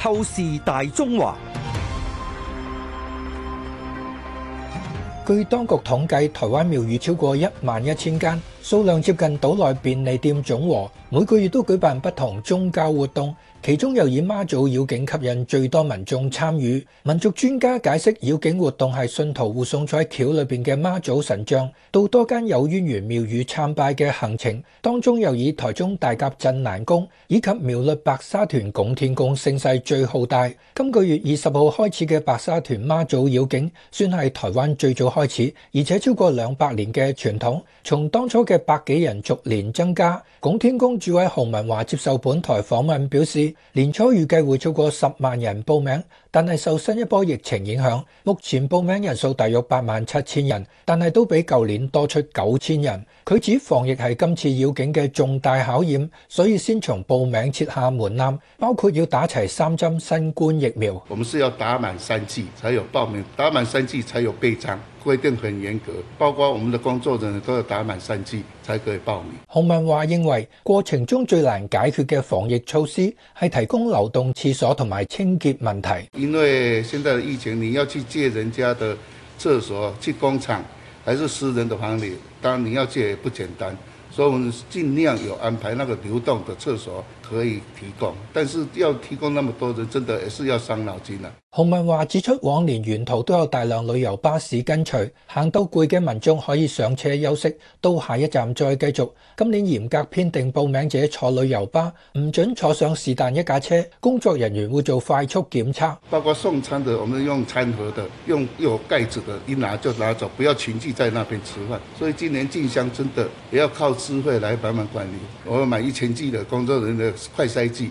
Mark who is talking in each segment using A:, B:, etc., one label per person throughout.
A: 透視大中華。據當局統計，台灣廟宇超過一萬一千間，數量接近島內便利店總和，每個月都舉辦不同宗教活動。其中又以媽祖繞境吸引最多民眾參與，民俗專家解釋繞境活動係信徒護送在橋裏邊嘅媽祖神像到多間有淵源廟宇參拜嘅行程。當中又以台中大甲鎮南宮以及苗栗白沙屯拱天宮聲勢最浩大。今個月二十號開始嘅白沙屯媽祖繞境算係台灣最早開始，而且超過兩百年嘅傳統，從當初嘅百幾人逐年增加。拱天宮主委洪文華接受本台訪問表示。年初預計會超過十萬人報名，但係受新一波疫情影響，目前報名人數大約八萬七千人，但係都比舊年多出九千人。佢指防疫係今次繞境嘅重大考驗，所以先從報名設下門檻，包括要打齊三針新冠疫苗。我
B: 們是要打滿三劑才有報名，打滿三劑才有備章。規定很嚴格，包括我們的工作人員都要打滿三劑才可以報名。
A: 洪文華認為，過程中最難解決的防疫措施是提供流動廁所同埋清潔問題。
B: 因為現在的疫情，你要去借人家的廁所，去工廠，還是私人的房裡，當然你要借也不簡單。所以我們盡量有安排那個流動的廁所可以提供，但是要提供那麼多人，真的也是要傷腦筋了啊。
A: 洪文華指出，往年沿途都有大量旅遊巴士跟隨，行到攰嘅民眾可以上車休息，到下一站再繼續。今年嚴格編定報名者坐旅遊巴，唔准坐上是但一架車。工作人員會做快速檢測，
B: 包括送餐的，我們用餐盒的，用有蓋子的，一拿就拿走，不要群聚在那邊吃飯。所以今年進香真的也要靠智慧來慢慢管理。我買一千劑的工作人員的快篩劑。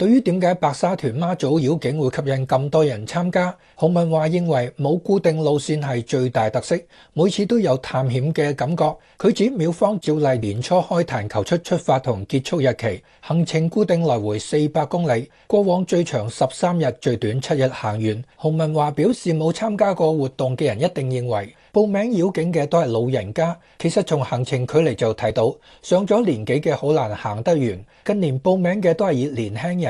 B: 對
A: 於點解白沙屯媽祖繞境會吸引咁多人參加，洪文華認為冇固定路線係最大特色，每次都有探險嘅感覺。佢指廟方照例年初開壇求出出發同結束日期，行程固定來回四百公里，過往最長十三日，最短七日行完。洪文華表示，冇參加過活動嘅人一定認為報名繞境嘅都係老人家，其實從行程距離就睇到，上咗年紀嘅好難行得完。近年報名嘅都係以年輕人。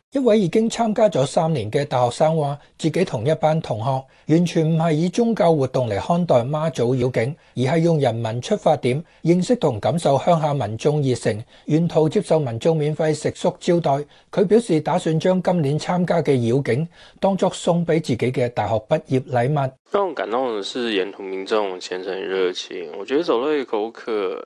A: 一位已經參加咗三年嘅大學生話，自己同一班同學完全唔係以宗教活動嚟看待媽祖繞境，而係用人民出發點認識同感受鄉下民眾熱誠，沿途接受民眾免費食宿招待。佢表示打算將今年參加嘅繞境當作送俾自己嘅大學畢業禮物。更感動嘅是沿途民眾虔誠熱情，我覺得走一口渴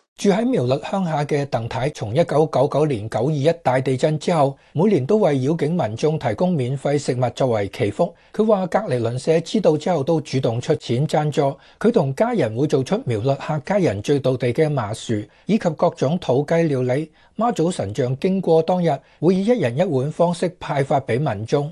A: 住喺苗栗鄉下嘅鄧太太，從一九九九年九二一大地震之後，每年都為繞境民眾提供免費食物作為祈福。佢話隔籬鄰舍知道之後，都主動出錢贊助。佢同家人會做出苗栗客家人最道地嘅麻薯，以及各種土雞料理。媽祖神像經過當日，會以一人一碗方式派發俾民眾。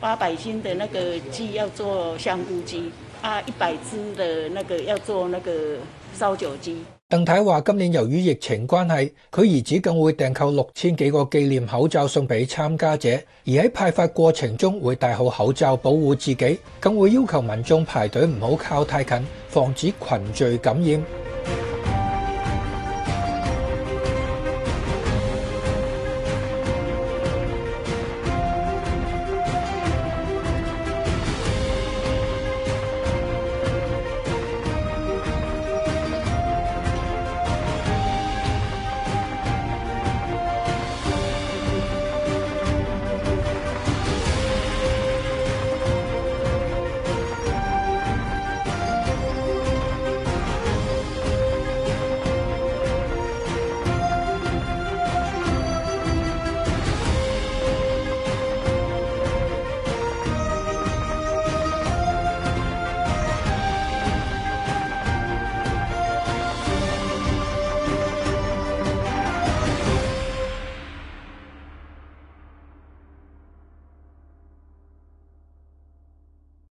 A: 八百斤的那個雞要做香菇雞，啊，一百隻的那個要做那個燒酒雞。鄧太話今年由於疫情關係，佢兒子更會訂購六千幾個紀念口罩送俾參加者，而喺派發過程中會戴好口罩保護自己，更會要求民眾排隊唔好靠太近，防止群聚感染。